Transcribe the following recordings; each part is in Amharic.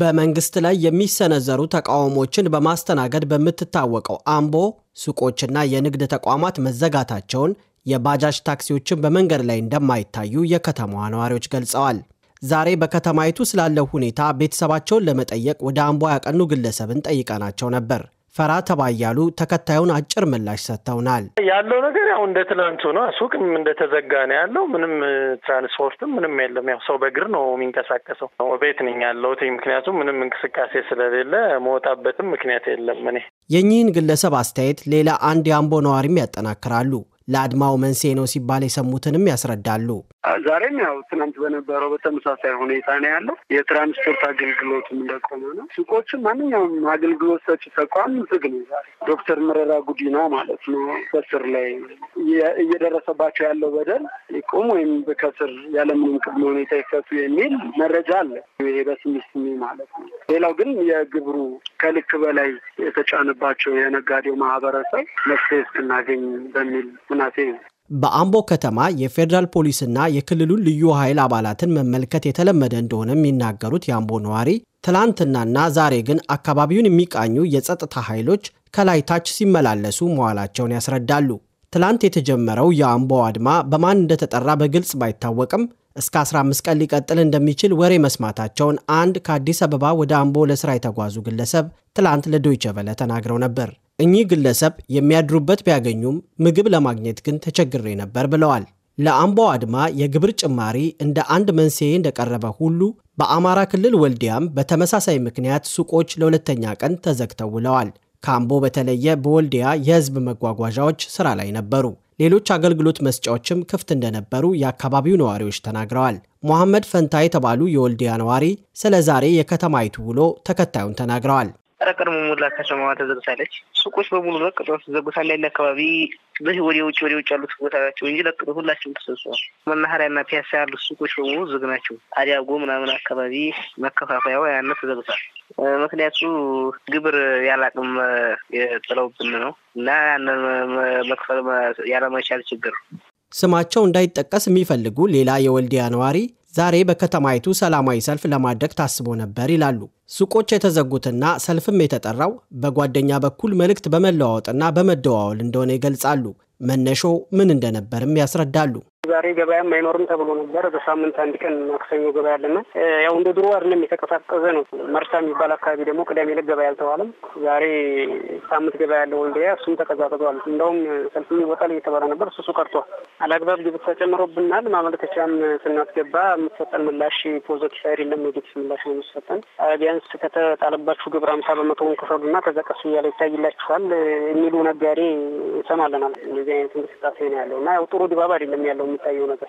በመንግስት ላይ የሚሰነዘሩ ተቃውሞችን በማስተናገድ በምትታወቀው አምቦ ሱቆችና የንግድ ተቋማት መዘጋታቸውን፣ የባጃጅ ታክሲዎችን በመንገድ ላይ እንደማይታዩ የከተማዋ ነዋሪዎች ገልጸዋል። ዛሬ በከተማይቱ ስላለው ሁኔታ ቤተሰባቸውን ለመጠየቅ ወደ አምቦ ያቀኑ ግለሰብን ጠይቀናቸው ነበር። ፈራ ተባያሉ ተከታዩን አጭር ምላሽ ሰጥተውናል። ያለው ነገር ያው እንደ ትናንቱ ነው። ሱቅም እንደተዘጋ ነው ያለው። ምንም ትራንስፖርትም ምንም የለም። ያው ሰው በእግር ነው የሚንቀሳቀሰው። ቤት ነኝ ያለሁት ምክንያቱም ምንም እንቅስቃሴ ስለሌለ መወጣበትም ምክንያት የለም። እኔ የኚህን ግለሰብ አስተያየት ሌላ አንድ የአምቦ ነዋሪም ያጠናክራሉ። ለአድማው መንስኤ ነው ሲባል የሰሙትንም ያስረዳሉ። ዛሬም ያው ትናንት በነበረው በተመሳሳይ ሁኔታ ነው ያለው። የትራንስፖርት አገልግሎትም እንደቆመ ነው። ሱቆችም ማንኛውም አገልግሎት ሰጪ ተቋም ዝግ ነው ዛሬ። ዶክተር መረራ ጉዲና ማለት ነው በስር ላይ እየደረሰባቸው ያለው በደል ይቁም ወይም በከስር ያለምንም ቅድመ ሁኔታ ይፈቱ የሚል መረጃ አለ። ይሄ በስሚስሚ ማለት ነው። ሌላው ግን የግብሩ ከልክ በላይ የተጫነባቸው የነጋዴው ማህበረሰብ መፍትሄ እስክናገኝ በሚል ምናሴ በአምቦ ከተማ የፌዴራል ፖሊስና የክልሉን ልዩ ኃይል አባላትን መመልከት የተለመደ እንደሆነ የሚናገሩት የአምቦ ነዋሪ ትላንትናና ዛሬ ግን አካባቢውን የሚቃኙ የጸጥታ ኃይሎች ከላይ ታች ሲመላለሱ መዋላቸውን ያስረዳሉ። ትላንት የተጀመረው የአምቦ አድማ በማን እንደተጠራ በግልጽ ባይታወቅም እስከ 15 ቀን ሊቀጥል እንደሚችል ወሬ መስማታቸውን አንድ ከአዲስ አበባ ወደ አምቦ ለስራ የተጓዙ ግለሰብ ትላንት ለዶይቸ ቨለ ተናግረው ነበር። እኚህ ግለሰብ የሚያድሩበት ቢያገኙም ምግብ ለማግኘት ግን ተቸግሬ ነበር ብለዋል። ለአምቦ አድማ የግብር ጭማሪ እንደ አንድ መንስኤ እንደቀረበ ሁሉ በአማራ ክልል ወልዲያም በተመሳሳይ ምክንያት ሱቆች ለሁለተኛ ቀን ተዘግተው ውለዋል። ከአምቦ በተለየ በወልዲያ የህዝብ መጓጓዣዎች ስራ ላይ ነበሩ። ሌሎች አገልግሎት መስጫዎችም ክፍት እንደነበሩ የአካባቢው ነዋሪዎች ተናግረዋል። ሞሐመድ ፈንታ የተባሉ የወልዲያ ነዋሪ ስለ ዛሬ የከተማይቱ ውሎ ተከታዩን ተናግረዋል። ቀድሞ ሞላ ከተማዋ ተዘግታለች። ሱቆች በሙሉ ለቅጠው ተዘጉታል። ያለ አካባቢ በዚህ ወደ ውጭ ወደ ውጭ ያሉት ቦታ ናቸው እንጂ ለቅጠው ሁላቸውም ተሰብስበዋል። መናኸሪያና ፒያሳ ያሉት ሱቆች በሙሉ ዝግ ናቸው። አዲያጎ ምናምን አካባቢ መከፋፈያው ያነ ተዘግቷል። ምክንያቱ ግብር ያላቅም የጥለውብን ነው እና ያነ መክፈል ያለመቻል ችግር ስማቸው እንዳይጠቀስ የሚፈልጉ ሌላ የወልዲያ ነዋሪ ዛሬ በከተማይቱ ሰላማዊ ሰልፍ ለማድረግ ታስቦ ነበር ይላሉ። ሱቆች የተዘጉትና ሰልፍም የተጠራው በጓደኛ በኩል መልእክት በመለዋወጥና በመደዋወል እንደሆነ ይገልጻሉ። መነሾ ምን እንደነበርም ያስረዳሉ። ዛሬ ገበያም አይኖርም ተብሎ ነበር። በሳምንት አንድ ቀን ማክሰኞ ገበያ አለና ያው እንደ ድሮ አይደለም፣ የተቀሳቀዘ ነው። መርሳ የሚባል አካባቢ ደግሞ ቅዳሜ ዕለት ገበያ አልተዋለም። ዛሬ ሳምንት ገበያ ያለ ወልዲያ፣ እሱም ተቀዛቅዟል። እንደውም ሰልፍ ይወጣል እየተባለ ነበር፣ እሱ ቀርቷል። አላግባብ ግብር ተጨምሮብናል። ማመልከቻም ስናስገባ የምትሰጠን ምላሽ ፖዘቲቭ አይደለም፣ ኔጌቲቭ ምላሽ ነው የምትሰጠን። ቢያንስ ከተጣለባችሁ ግብር አምሳ በመቶውን ክፈሉና ከዛ ቀሱ እያለ ይታይላችኋል የሚሉ ነጋዴ እንሰማለናል። እንደዚህ አይነት እንቅስቃሴ ነው ያለው እና ያው ጥሩ ድባብ አይደለም ያለው የሚታየው ነገር።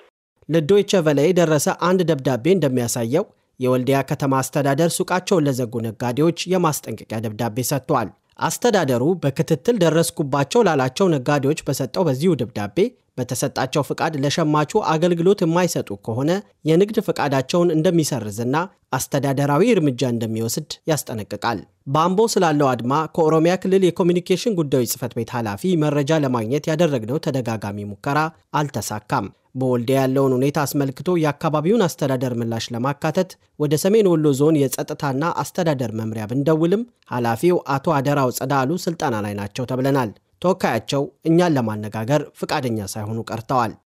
ለዶይቸ ቨለ የደረሰ አንድ ደብዳቤ እንደሚያሳየው የወልዲያ ከተማ አስተዳደር ሱቃቸውን ለዘጉ ነጋዴዎች የማስጠንቀቂያ ደብዳቤ ሰጥቷል። አስተዳደሩ በክትትል ደረስኩባቸው ላላቸው ነጋዴዎች በሰጠው በዚሁ ደብዳቤ በተሰጣቸው ፍቃድ ለሸማቹ አገልግሎት የማይሰጡ ከሆነ የንግድ ፍቃዳቸውን እንደሚሰርዝና አስተዳደራዊ እርምጃ እንደሚወስድ ያስጠነቅቃል። በአምቦ ስላለው አድማ ከኦሮሚያ ክልል የኮሚኒኬሽን ጉዳዮች ጽህፈት ቤት ኃላፊ መረጃ ለማግኘት ያደረግነው ተደጋጋሚ ሙከራ አልተሳካም። በወልዲያ ያለውን ሁኔታ አስመልክቶ የአካባቢውን አስተዳደር ምላሽ ለማካተት ወደ ሰሜን ወሎ ዞን የጸጥታና አስተዳደር መምሪያ ብንደውልም ኃላፊው አቶ አደራው ጸዳሉ ስልጠና ላይ ናቸው ተብለናል። ተወካያቸው እኛን ለማነጋገር ፍቃደኛ ሳይሆኑ ቀርተዋል።